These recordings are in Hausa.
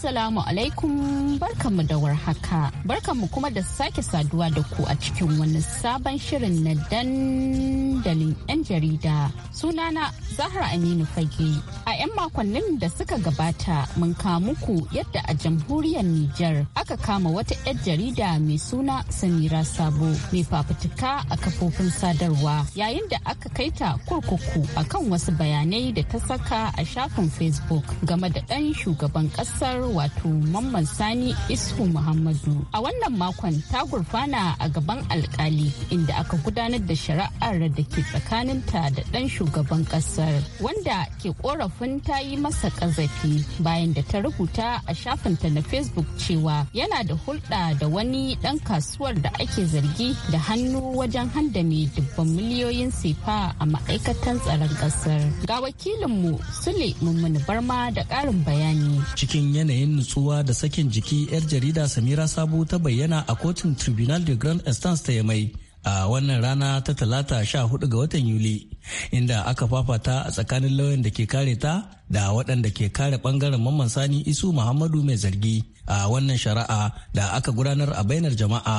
Assalamu alaikum barkanmu da warhaka. Barkanmu kuma da sake saduwa da ku a cikin wani sabon shirin na dandalin 'yan jarida. Sunana Zahra Aminu Fage. A 'yan makonnin da suka gabata mun muku yadda a jamhuriyar Nijar aka kama wata 'yan jarida mai suna Samira Sabo mai fafutuka a kafofin sadarwa yayin da aka kai ta kurkuku akan wasu bayanai da ta saka a shafin Facebook game da ɗan shugaban ƙasar wato Mamman Sani Isfu Muhammadu. A wannan makon ta gurfana a gaban alkali inda aka gudanar da shari'ar da ke tsakaninta da ɗan shugaban ƙasar wanda ke korafin ta yi masa ƙazafi bayan da ta rubuta a shafinta na Facebook cewa yana da hulɗa da wani ɗan kasuwar da ake zargi da hannu wajen handame dubban miliyoyin sefa a ma'aikatan tsaron ƙasar. Ga wakilinmu Sule Mummuni Barma da ƙarin bayani. Cikin yanayin yanayin nutsuwa da sakin jiki 'yar jarida samira sabu ta bayyana a kotun tribunal de grand instance ta yamai a wannan rana ta talata sha hudu ga watan yuli inda aka fafata a tsakanin lauyan da ke kare ta da waɗanda ke kare ɓangaren mamman sani isu muhammadu mai zargi a wannan shari'a da aka gudanar a bainar jama'a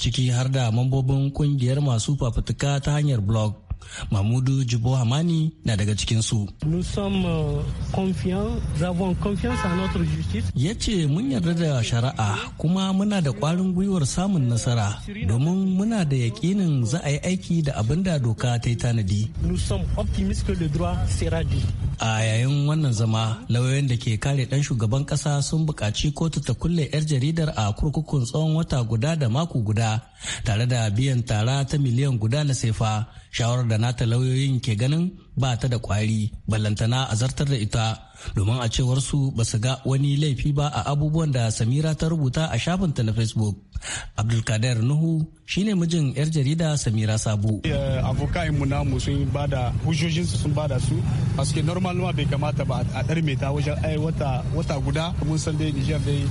ciki har da mambobin ƙungiyar masu fafutuka ta hanyar blog Mamudu Jibo Hamani na daga cikinsu. su euh, Ya ce mun yarda da shari'a kuma muna da ƙwarin gwiwar samun nasara domin muna da yakinin za a yi aiki da abin da doka ta yi tanadi. A yayin wannan zama, lauyoyin da ke kare ɗan shugaban ƙasa sun buƙaci kotu ta kulle 'yar jaridar a kurkukun tsawon wata guda da mako guda tare da biyan tara ta miliyan guda na sefa shawarar da nata lauyoyin ke ganin ba ta da kwari ballantana a zartar da ita domin a cewar su ba su ga wani laifi ba a abubuwan da samira ta rubuta a shafinta na facebook abdulkader nuhu shine mijin yar jarida samira sabu eh, abokan mu namu sun bada su sun bada su paske normal ma bai kamata ba a ɗarme ta wajen eh, ai wata guda mun san dai nijar dai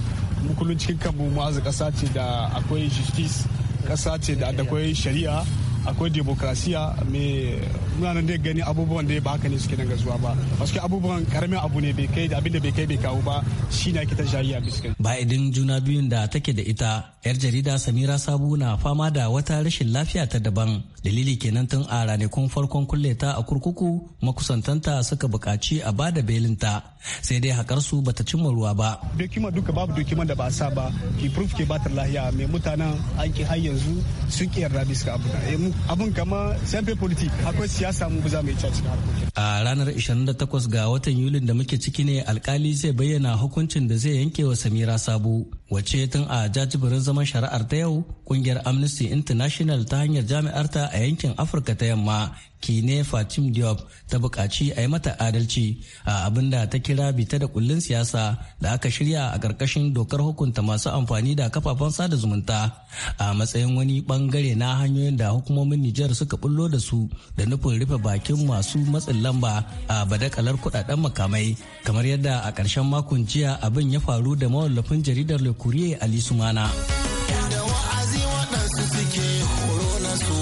mu cikin kanmu mu azu ƙasa ce da akwai justice ƙasa ce da akwai shari'a akwai demokrasiya mai muna da gani abubuwan da ba haka ne suke daga zuwa ba wasu abubuwan karamin abu ne bai kai da abin da bai kai bai kawo ba shi na kita shayi a ba idin juna biyun da take da ita yar jarida samira sabu na fama da wata rashin lafiya ta daban dalili kenan tun a ranakun farkon kulle ta a kurkuku makusantanta suka bukaci a bada belinta sai dai hakar su bata cimma ruwa ba. dokima duka babu dokiman da ba sa ba ki proof ke ba ta lahiya mai mutanen aiki har yanzu sun ƙi yarda bisa abu eh, abin kama sempe politik akwai siyasa mu za mai yi A ranar 28 ga watan Yulin da muke ciki ne alkali zai bayyana hukuncin da zai yanke wa Samira Sabo wace tun a jajibirin zaman shari'ar ta yau kungiyar amnesty international ta hanyar jami'arta a yankin afirka ta yamma kine fatim diop ta buƙaci a yi mata adalci a abin da ta kira bita da kullun siyasa da aka shirya a ƙarƙashin dokar hukunta masu amfani da kafafen sada zumunta a matsayin wani bangare na hanyoyin da hukumomin nijar suka bullo da su da nufin rufe bakin masu matsin lamba a badakalar kudaden makamai kamar yadda a ƙarshen makon jiya abin ya faru da mawallafin jaridar le Kuriye Ali Sumana. Da wa'azi waɗansu suke horo na su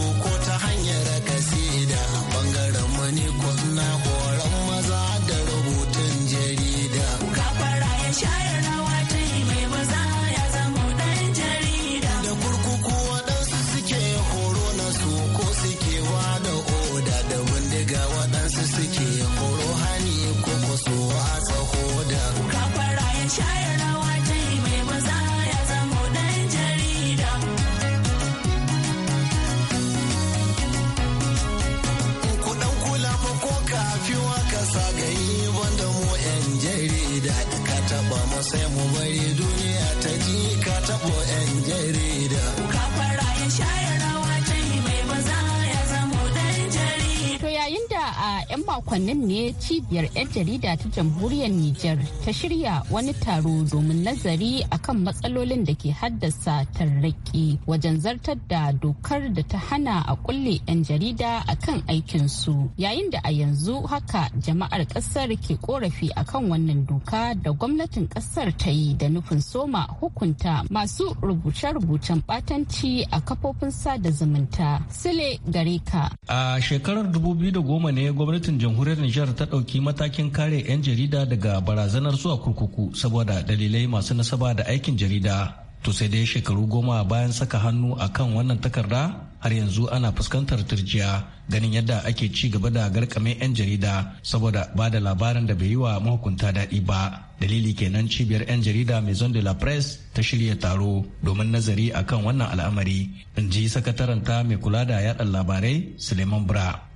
makonnin ne cibiyar 'yan jarida ta jamhuriyar Nijar ta shirya wani taro domin nazari akan matsalolin da ke haddasa tarraki wajen zartar da dokar da ta hana a kulle 'yan jarida akan aikinsu yayin da a yanzu haka jama'ar kasar ke korafi akan wannan doka da gwamnatin kasar ta yi da nufin soma hukunta masu rubuce-rubucen batanci a kafofin sada zumunta. Sule gare ka. A shekarar 2010 ne gwamnatin jamhuriyar Nijar ta ɗauki matakin kare 'yan jarida daga barazanar zuwa kurkuku saboda dalilai masu nasaba da aikin jarida. To sai dai shekaru goma bayan saka hannu a kan wannan takarda har yanzu ana fuskantar turjiya ganin yadda ake ci gaba da garkame 'yan jarida saboda ba da labarin da bai yi wa mahukunta daɗi ba. dalili kenan cibiyar 'yan jarida maison de la presse ta shirya taro domin nazari akan wannan al'amari in ji sakataranta mai kula da yaɗa labarai suleiman bra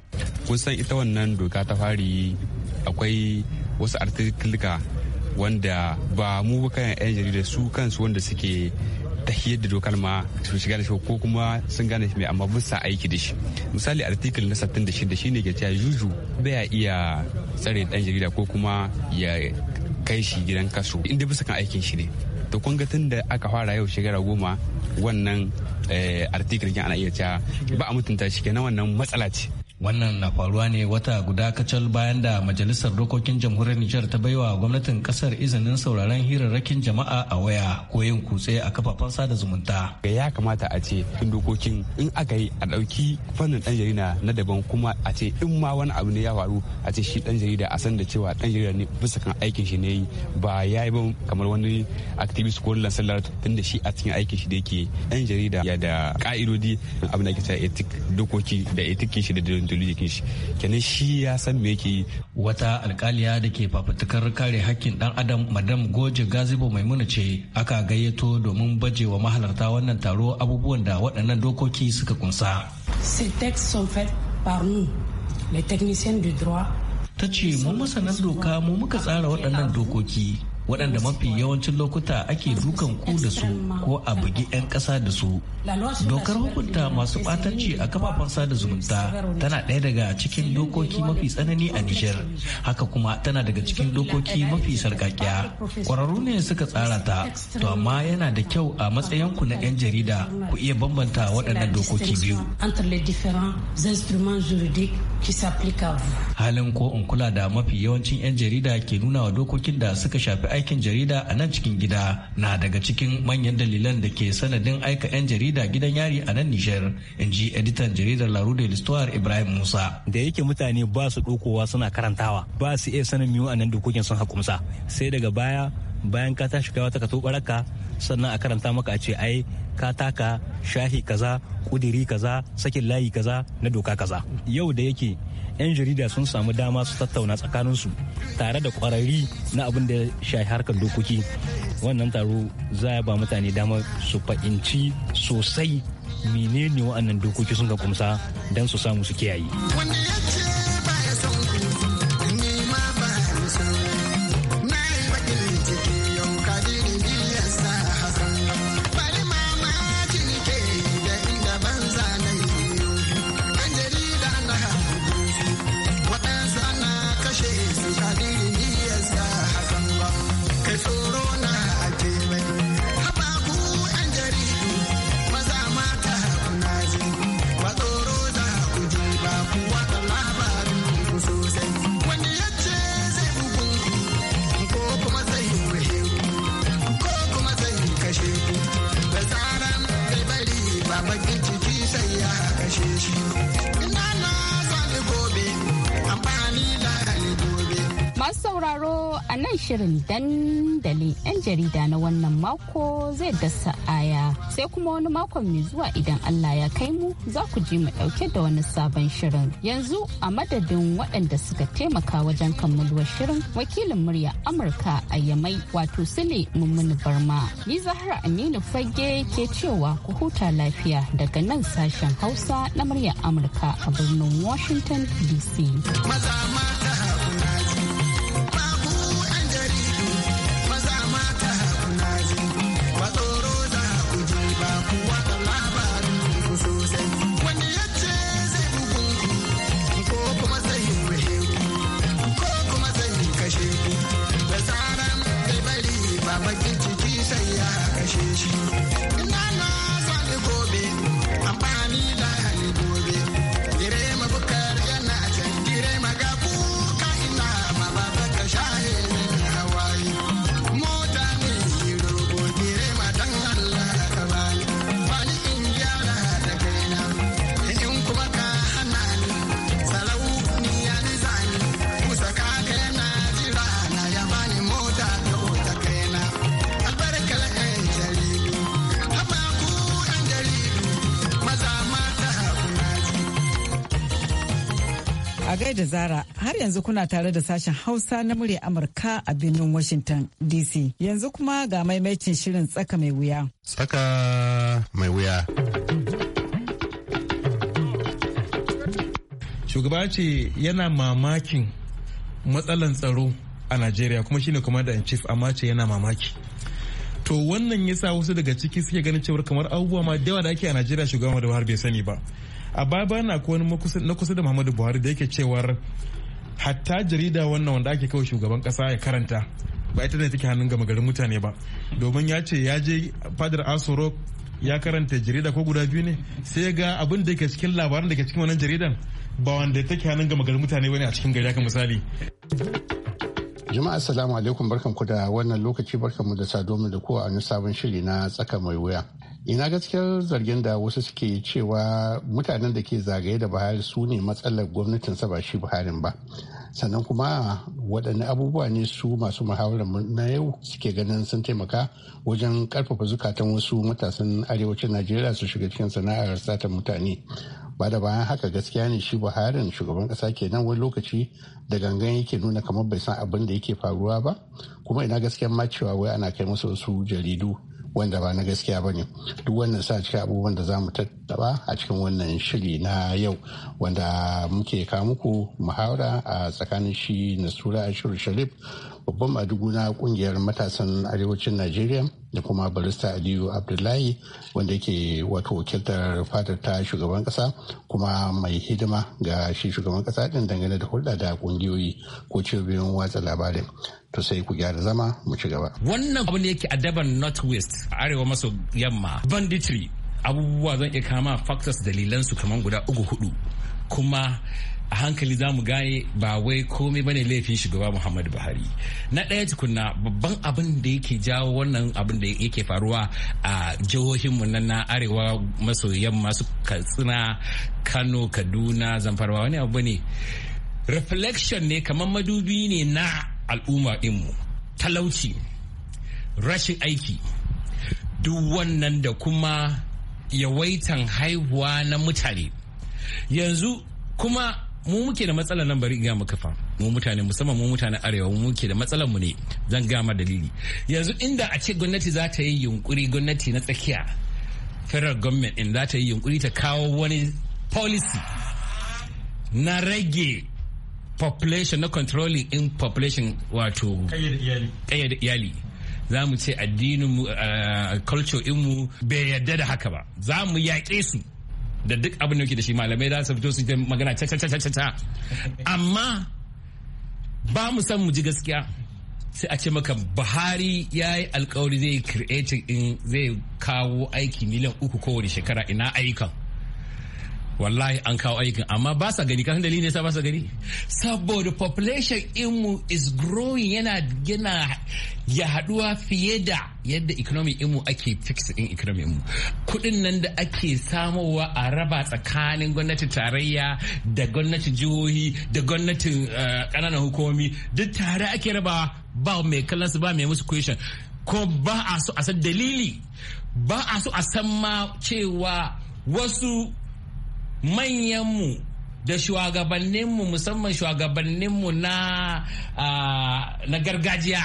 kun san ita wannan doka ta fari akwai wasu artikulika wanda ba mu kayan 'yan jarida su kansu wanda suke tahiyar da dokar ma su shiga da shi ko kuma sun gane shi mai amma bin sa aiki da shi misali artikul na 66 shine ke cewa juju baya iya tsare dan jarida ko kuma ya kai shi gidan kaso inda bisa kan aikin shi ne to kun ga tun da aka fara yau shekara goma wannan eh, artikel ana iya cewa ba a mutunta shi kenan wannan matsala ce wannan na faruwa ne wata guda kacal bayan da majalisar dokokin jamhuriyar nijar ta baiwa gwamnatin kasar izinin sauraron hirarrakin jama'a a waya ko yin kutse a kafafen sada zumunta ya kamata a ce in dokokin in aka yi a ɗauki fannin ɗan jarida na daban kuma a ce in ma wani abu ne ya faru a ce shi ɗan jarida a san da cewa ɗan jarida ne bisa kan aikin shi ne ba ya yi ban kamar wani activist ko lansalar tun da shi a cikin aikin shi da yake ɗan jarida ya da ka'idodi abin da ake cewa dokoki da etikin shi da fitilu jikin shi kenan shi ya san me yake wata alkaliya da ke fafutukar kare hakkin dan adam madam goje gazibo maimuna ce aka gayyato domin baje wa mahalarta wannan taro abubuwan da waɗannan dokoki suka kunsa ta ce mu masanan doka mu muka tsara waɗannan dokoki waɗanda mafi yawancin lokuta ake dukan ku da su ko a bugi 'yan ƙasa da su. Dokar hukunta masu ɓatanci a kafafen sada zumunta tana ɗaya daga cikin dokoki mafi tsanani a Nijar, haka kuma tana daga cikin dokoki mafi sarƙaƙiya. Ƙwararru ne suka tsara ta, to amma yana da kyau a matsayin ku na 'yan jarida ku iya bambanta waɗannan dokoki biyu. Halin ko in kula da mafi yawancin 'yan jarida ke nuna wa dokokin da suka shafi aikin jarida a nan cikin gida na daga cikin manyan dalilan da ke sanadin aika 'yan jarida gidan yari a nan Nijar, in ji editan jaridar La Rue de Ibrahim Musa. Da yake mutane ba su dokowa suna karantawa, ba su iya sanin miyu a nan dokokin sun hakumsa. Sai daga baya bayan ka tashi kai wata ka sannan a karanta maka a ce ai ka taka shahi kaza kudiri kaza sakin layi kaza na doka kaza. Yau da yake 'yan jarida sun samu dama su tattauna tsakanin su tare da kwararri na abin da shayi harkar dokoki wannan taro za ya ba mutane dama su fahimci sosai menene wa'annan dokoki sun ga kumsa don su samu su kiyaye. shirin dandali 'yan jarida na wannan mako zai dasa aya sai kuma wani makon mai zuwa idan Allah ya kai mu za ku ji mu dauke da wani sabon shirin yanzu a madadin waɗanda suka taimaka wajen kammaluwar shirin wakilin murya amurka a yamai wato sule mummuni barma ni zahra aminu fage ke cewa ku huta lafiya daga nan sashen hausa na murya amurka a birnin washington dc A gaida Zara har yanzu kuna tare da sashen Hausa na murya Amurka a birnin Washington DC. Yanzu kuma ga maimaitin shirin tsaka mai wuya. Tsaka mai wuya. Shugaba ce yana mamakin matsalan tsaro a Najeriya kuma shine commander in chief amma ce yana mamaki. To wannan yasa wasu daga ciki suke ganin cewar kamar abubuwa ma da yawa ake a Najeriya shugaban da har bai sani ba. a baya bayan na wani na kusa da muhammadu buhari da yake cewar hatta jarida wannan wanda ake kawai shugaban kasa ya karanta ba ita ne take hannun gama garin mutane ba domin ya ce ya je fadar asoro ya karanta jarida ko guda biyu ne sai ga abin da ke cikin labaran da ke cikin wannan jaridan ba wanda take hannun gama garin mutane ba ne a cikin gari haka misali jama'a assalamu alaikum barkanku da wannan lokaci mu da saduwa da kowa a sabon shiri na tsaka mai wuya ina gaskiyar zargin da wasu suke cewa mutanen da ke zagaye da buhari su ne matsalar gwamnatin sa ba shi buharin ba sannan kuma waɗanne abubuwa ne su masu muhawarar na yau suke ganin sun taimaka wajen karfafa zukatan wasu matasan arewacin najeriya su shiga cikin sana'ar satar mutane ba da bayan haka gaskiya ne shi buharin shugaban kasa kenan wani lokaci da gangan yake nuna kamar bai san abin da yake faruwa ba kuma ina gaskiyar ma cewa wai ana kai masa wasu jaridu wanda ba na gaskiya ba ne duk wannan sa cikin abubuwan da za mu tattaba a cikin wannan shiri na yau wanda muke kawo muku muhawara a tsakanin shi nasura ashiru sharif babban madugu na kungiyar matasan arewacin najeriya da kuma barista aliyu abdullahi wanda yake wato wakiltar fatar ta shugaban kasa kuma mai hidima ga shi shugaban kasa din dangane da hulɗa da kungiyoyi ko cibiyoyin watsa labarin to sai ku gyara zama mu ci gaba wannan abu ne yake adaban northwest arewa maso yamma banditry abubuwa zan iya kama factors dalilan su kamar guda uku hudu kuma a hankali za mu gane ba wai komai bane laifin shugaba muhammadu buhari na ɗaya tukunna babban abin da yake jawo wannan abin da yake faruwa a jihohinmu na na arewa maso yamma su katsina kano kaduna zamfara wani abu ne reflection ne kamar madubi ne na al'umma ɗinmu talauci rashin aiki duk wannan da kuma yawaitan haihuwa na mutane yanzu kuma mu muke da matsalar nan bari in ga maka mu mutane musamman mu mutanen arewa mu muke da matsalar mu ne zan ga dalili yanzu inda a ce gwamnati za ta yi yunkuri gwamnati na tsakiya federal government in za ta yi yunkuri ta kawo wani policy na rage population na controlling in population wato kayyade iyali za mu ce addinin mu eh, culture mu bai yarda da haka ba za mu yaƙe su da duk abin da yake da shi malamai za su fito su yi magana ca ca ca ca amma ba mu san mu ji gaskiya sai a ce maka buhari ya yi alkawari zai creating in zai kawo aiki miliyan uku kowane shekara ina ayyukan wallahi an kawo aikin amma ba sa gani kan dalilin yasa ba sa gani saboda population inmu is growing yana yana ya haduwa fiye da yadda economy inmu ake fix in economy inmu kudin nan da ake samowa a raba tsakanin gwamnatin tarayya da gwamnatin jihohi da gwamnatin kananan eh, hukumomi duk tare ake raba ba mai kallon su ba mai musu question ko ba a so a san dalili ba a so a san ma cewa wasu manyanmu da shugabanninmu musamman shugabanninmu na na gargajiya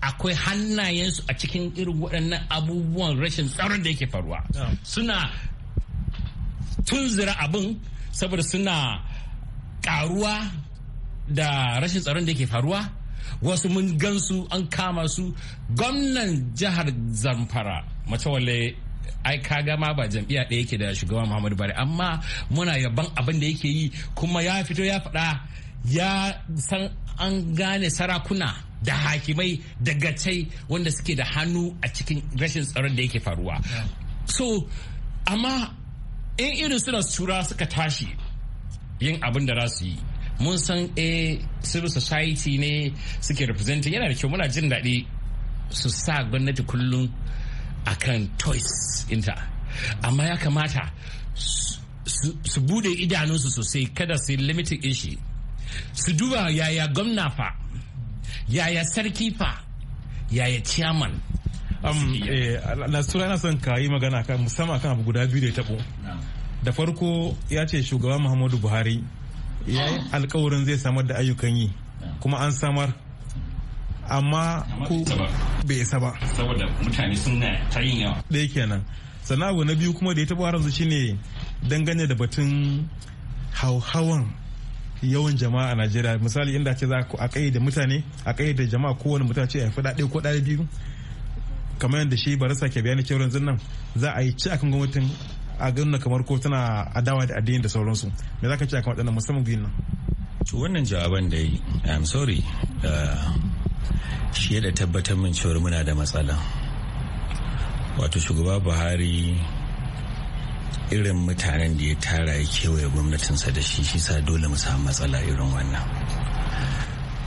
akwai hannayensu a cikin irin waɗannan abubuwan rashin tsaron da yake faruwa suna tunzura abin saboda suna karuwa da rashin tsaron da yake faruwa wasu mun gansu an kama su gwamnan jihar zamfara wale. ai ka gama ba jam'iyya ɗaya yake da shugaban muhammadu bari amma muna yabon abin da yake yi kuma ya fito ya faɗa ya san an gane sarakuna da hakimai da gacai wanda suke da hannu a cikin rashin tsaron da yake faruwa so amma in irin suna tura suka tashi yin abin da za su yi mun san a eh, civil society ne suke representing yana da kyau muna jin daɗi su sa gwamnati kullum akan toys inta amma ya kamata su bude idanunsu sosai kada su limited ishi su duba yaya gwamna fa yaya sarki fa yaya chairman um, eh, nasura yana son ka yi magana kan musamman kan abu guda biyu da ya tabo da farko ya ce shugaban muhammadu buhari ya alkawarin zai samar da ayyukan yi kuma an samar amma ko bai isa ba saboda mutane sun na ta yin yawa ɗaya kenan sannan abu na biyu kuma da ya taɓa haramsu shine dangane da batun hauhawan yawan jama'a a najeriya misali inda ce za a kai da mutane a kai da jama'a kowane mutane ce a fi ɗaya ko ɗaya biyu kamar yadda shi barasa ke bayani cewa yanzu nan za a yi ci akan gwamnatin a ganin kamar ko tana adawa da addini da sauransu me za ka ci akan waɗannan musamman biyun nan to wannan jawaban da yi i'm sorry uh, shi da tabbatar min cewar muna da matsala wato shugaba buhari irin mutanen da ya tara ya kewaye gwamnatinsa da shi shi sa dole mu samu matsala irin wannan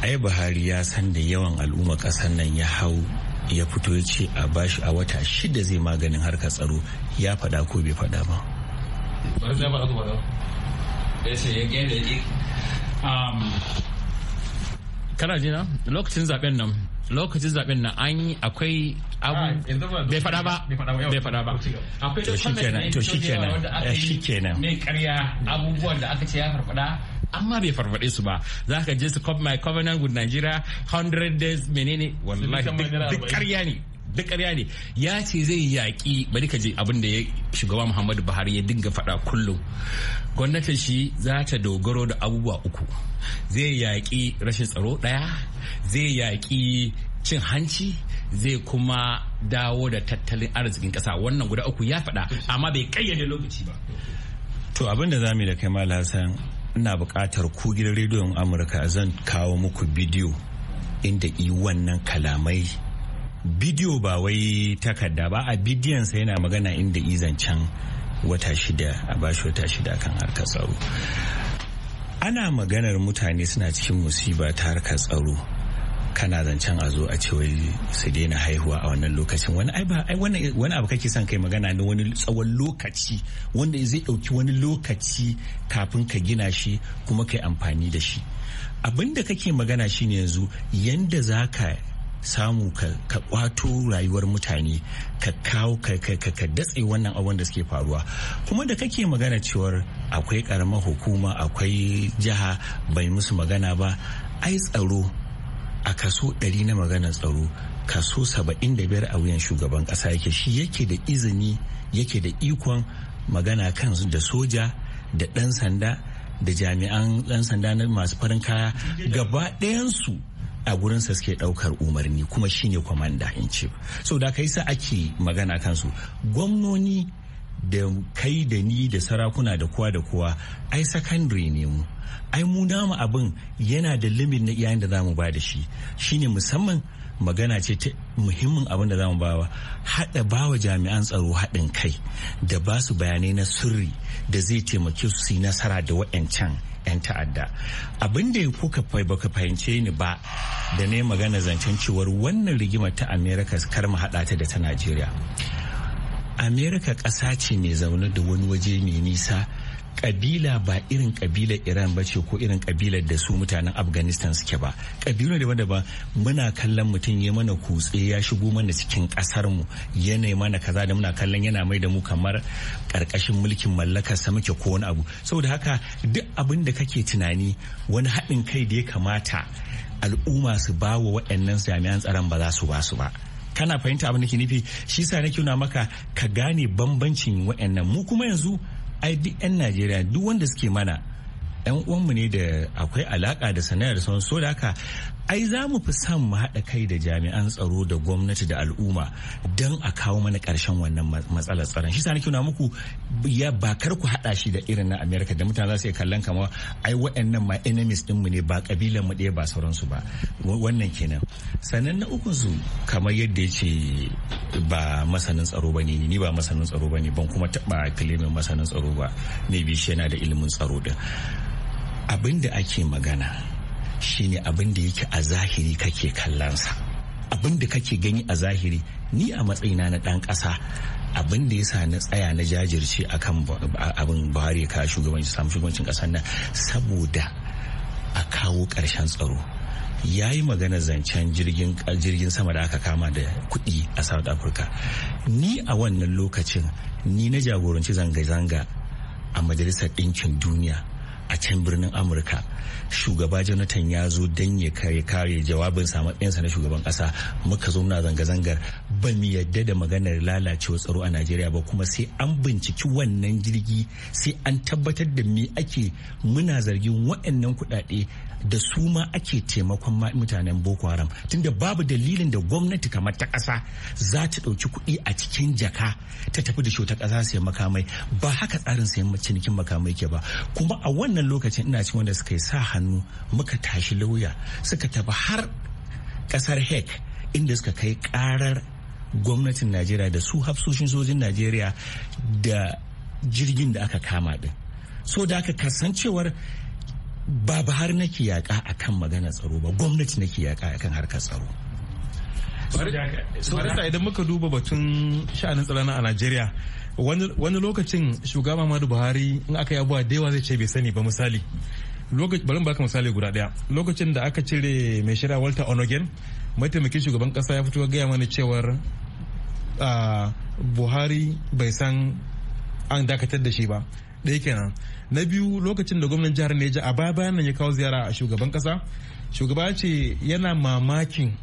ai buhari ya san da yawan al'umma kasar nan ya hau ya fito ya ce a bashi a wata shida zai maganin harkar tsaro ya faɗa ko bai faɗa ba um, kana jina lokacin zaben nan lokacin zaben na an yi akwai abu bai ah, fada ba bai fada ba to kenan to shi kenan eh, mai ƙarya abubuwan da aka ce ya farfada amma bai farfade su ba za ka je su my covenant with Nigeria 100 days menene wallahi duk ƙarya ne duk ƙarya ne ya ce zai yaƙi bari ka je abin da ya shugaba muhammadu buhari ya dinga faɗa kullum gwamnatin shi za ta dogaro da abubuwa uku zai yaƙi rashin tsaro ɗaya zai yaƙi cin hanci zai kuma dawo da tattalin arzikin ƙasa wannan guda uku ya faɗa amma bai kayyade lokaci ba to abin da za mu da kai mal hassan ina buƙatar ku gidan rediyon amurka zan kawo muku bidiyo inda i wannan kalamai bidiyo ba wai takarda ba a bidiyon sa yana magana inda can wata shida a bashi wata shida kan harkar tsaro ana maganar mutane suna cikin musiba ta harkar tsaro kana zancen a zo a ce wai su daina haihuwa a wannan lokacin wani ai wani abu kake son kai magana na wani tsawon lokaci wanda zai dauki wani lokaci kafin ka gina shi kuma kai amfani da shi abinda kake magana shine yanzu yanda za ka samu ka kwato rayuwar mutane ka kawo ka datse wannan abin da suke faruwa kuma da kake magana cewar akwai karamar hukuma akwai jiha bai musu magana ba ai tsaro a kaso 100 na maganar tsaro kaso 75 a wuyan shugaban ƙasa yake shi yake da izini yake da ikon magana kan da soja da ɗan sanda da jami'an ɗan sanda na masu farin kaya gaba ɗayansu a gurinsa suke daukar umarni kuma shine kwamanda in ce so da kai sa ake magana kansu gwamnoni da kai da ni da sarakuna da kowa da kowa ai secondary ne mu ai mu mu abin yana da limit na iyayen da za mu ba da shi shine musamman magana ce ta muhimmin abin da za mu bawa haɗa bawa jami'an tsaro haɗin kai da ba su bayanai na sirri da zai taimake su su yi nasara da waɗancan 'yan ta'adda abin da kuka baka fahimce ni ba da ne magana zancen cewar wannan rigima ta america kar mu haɗa ta da ta najeriya america ƙasa ce mai zaune da wani waje mai nisa kabila ba irin kabilar iran ba ce ko irin kabilar da su mutanen afghanistan suke ba kabilu daban daban muna kallon mutum ya mana kutse ya shigo mana cikin kasar mu yanayi mana kaza da muna kallon yana mai da mu kamar karkashin mulkin mallakar sa muke ko wani abu saboda haka duk abin da kake tunani wani haɗin kai da ya kamata al'umma su ba wa waɗannan jami'an tsaron ba za su ba su ba kana fahimta abin da ke nufi shi sa nake nuna maka ka gane bambancin waɗannan mu kuma yanzu ai duk 'yan najeriya duk wanda suke mana yan uwanmu ne da akwai alaka da sana'ar sun so da haka ai za mu fi son mu haɗa kai da jami'an tsaro da gwamnati da al'umma don a kawo mana ƙarshen wannan matsalar tsaron shi sani na muku ya ba kar ku haɗa shi da irin na amerika da mutane za su iya kallon kamar ai waɗannan ma enemies ɗinmu ne ba ƙabilan mu ɗaya ba sauransu ba wannan kenan sannan na ukun su kamar yadda ya ce ba masanin tsaro ba ne ni ba masanin tsaro ba ne ban kuma taɓa kilimin masanin tsaro ba ne bi shi yana da ilimin tsaro din abin da ake magana shine abin da yake a zahiri kake kallonsa abin da kake gani a zahiri ni a matsayina na ɗan ƙasa abin da ya sa na tsaya na jajirce akan abin buhari ka shugabanci samu shugabancin ƙasar nan saboda a kawo karshen tsaro ya yi magana zancen jirgin sama da aka kama da kuɗi a south africa ni a wannan lokacin ni na jagoranci zanga-zanga a majalisar ɗinkin duniya a can birnin amurka shugaba jonathan ya zo don ya kare kare jawabin matsayinsa na shugaban kasa muka zo muna zanga-zangar ban mu yadda da maganar lalacewa tsaro a najeriya ba kuma sai an binciki wannan jirgi sai an tabbatar da me ake muna zargin waɗannan kuɗaɗe da su ma ake taimakon mutanen boko haram tunda babu dalilin da gwamnati kamar ta ƙasa za ta ɗauki kuɗi a cikin jaka ta tafi da shota ta ƙasa sai makamai ba haka tsarin sayan cinikin makamai ke ba kuma a wannan lokacin ina cikin wanda suka yi sa hannu muka tashi lauya suka tafi har kasar hek inda suka kai karar gwamnatin najeriya da su hafsoshin sojin najeriya da jirgin da aka kama din so da aka kasancewar ba har nake yaƙa a kan magana tsaro ba gwamnati nake yaƙa a kan harkar tsaro saboda idan muka duba batun sha'anin tsaron a najeriya wani lokacin shugaba Muhammadu Buhari in aka yi abuwa da yawa zai ce bai sani ba misali lokaci bari baka misali guda daya lokacin da aka cire mai shirya Walter Onogen mataimakin shugaban kasa ya fito gaya mana cewar Buhari bai san an dakatar da shi ba ɗaya kenan na biyu lokacin da gwamnan jihar Neja a baya bayan nan ya kawo ziyara a shugaban kasa shugaba ce yana mamakin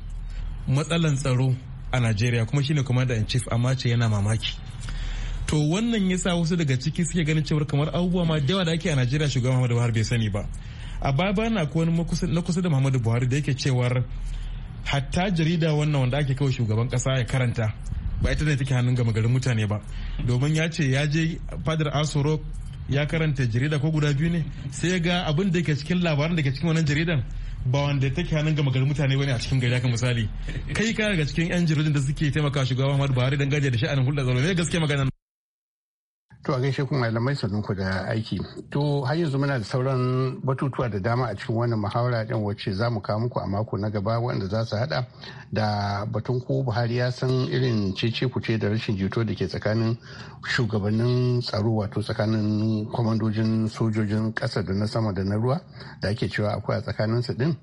matsalan tsaro a Najeriya kuma shine commander in chief amma ce yana mamaki to wannan ya sa wasu daga ciki suke ganin cewar kamar abubuwa ma da yawa da ake a najeriya shugaban muhammadu buhari bai sani ba a baba na ko wani na kusa da muhammadu buhari da yake cewar hatta jarida wannan wanda ake kawai shugaban kasa ya karanta ba ita ne take hannun gama garin mutane ba domin ya ce ya je fadar asoro ya karanta jarida ko guda biyu ne sai ya ga abin da ke cikin labaran da ke cikin wannan jaridan ba wanda take hannun gama garin mutane bane a cikin gari haka misali kai ka daga cikin yan jaridun da suke taimaka shugaban Muhammadu Buhari dangane da sha'anin hulɗa tsaro ne gaskiya magana To a gaishe kuma malamai sannan ku da aiki. To har yanzu muna da sauran batutuwa da dama a cikin wannan muhawara din wacce za mu kawo muku a mako na gaba wanda za su hada da batun ko Buhari ya san irin cece kuce da rashin jito da ke tsakanin shugabannin tsaro wato tsakanin kwamandojin sojojin kasa da na sama da na ruwa da ake cewa akwai a tsakanin su din.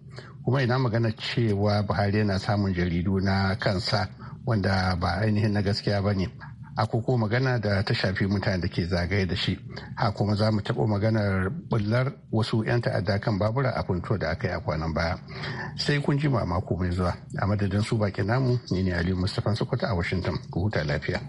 Kuma ina magana cewa Buhari yana samun jaridu na kansa wanda ba ainihin na gaskiya ba ne. akoko magana da ta shafi mutane da ke zagaye da shi ha kuma za mu taɓa maganar bullar wasu 'yan ta'adda kan babura a funto da aka yi a kwanan baya sai kun ji mako mai zuwa a madadin su baki namu ne ne aliyu mustapha sokoto a washington ku huta lafiya.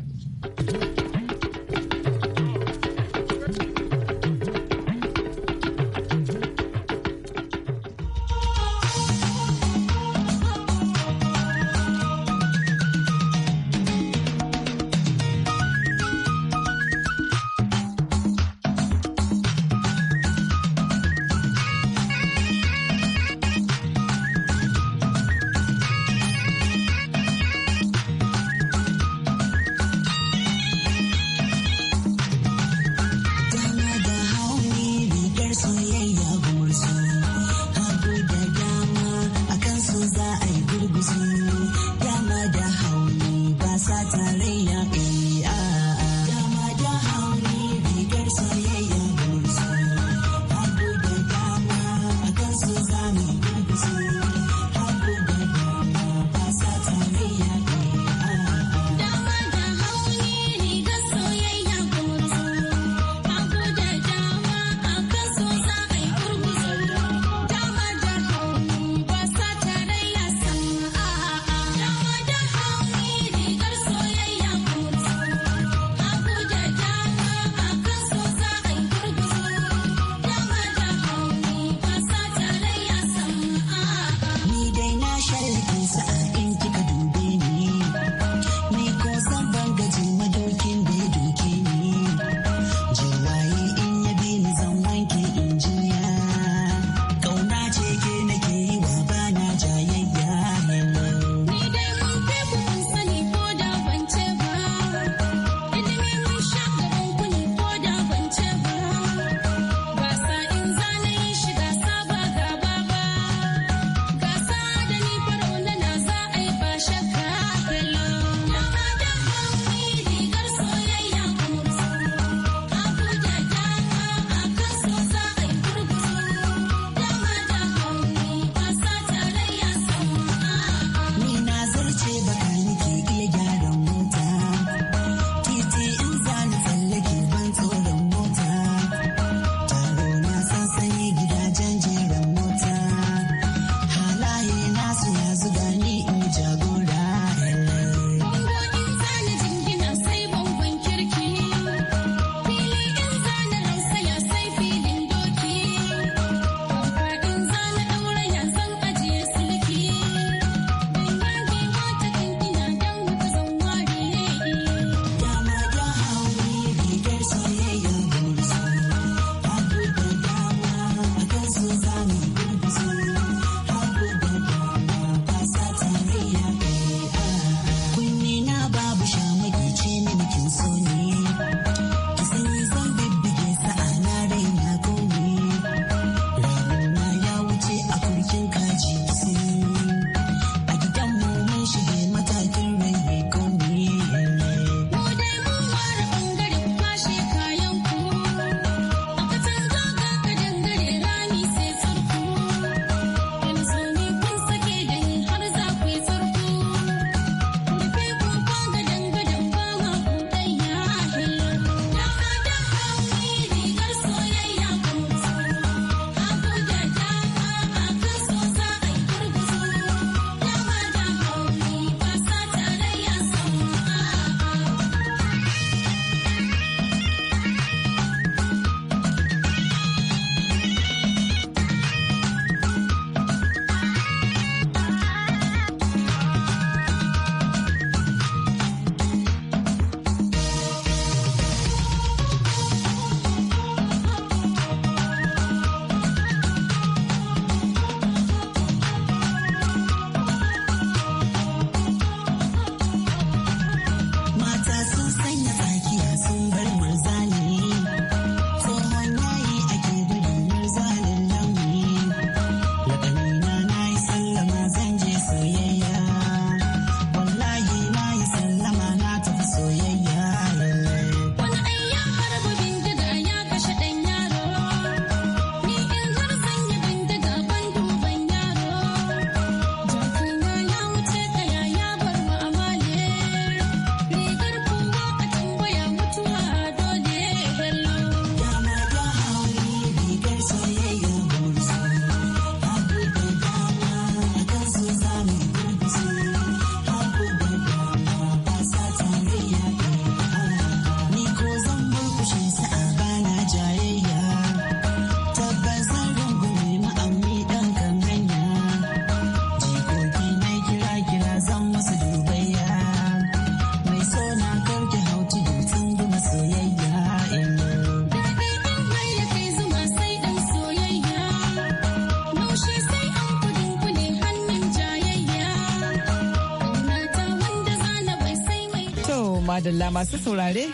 madalla masu saurare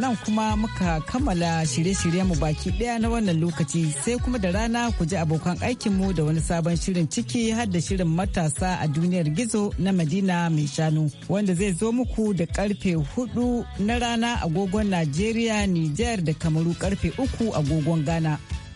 nan kuma muka kammala shirye shiryenmu mu baki daya na wannan lokaci sai kuma da rana ku ji abokan aikinmu da wani sabon shirin ciki har da shirin matasa a duniyar gizo na madina mai shanu wanda zai zo muku da karfe hudu na rana agogon najeriya niger da kamaru karfe uku agogon ghana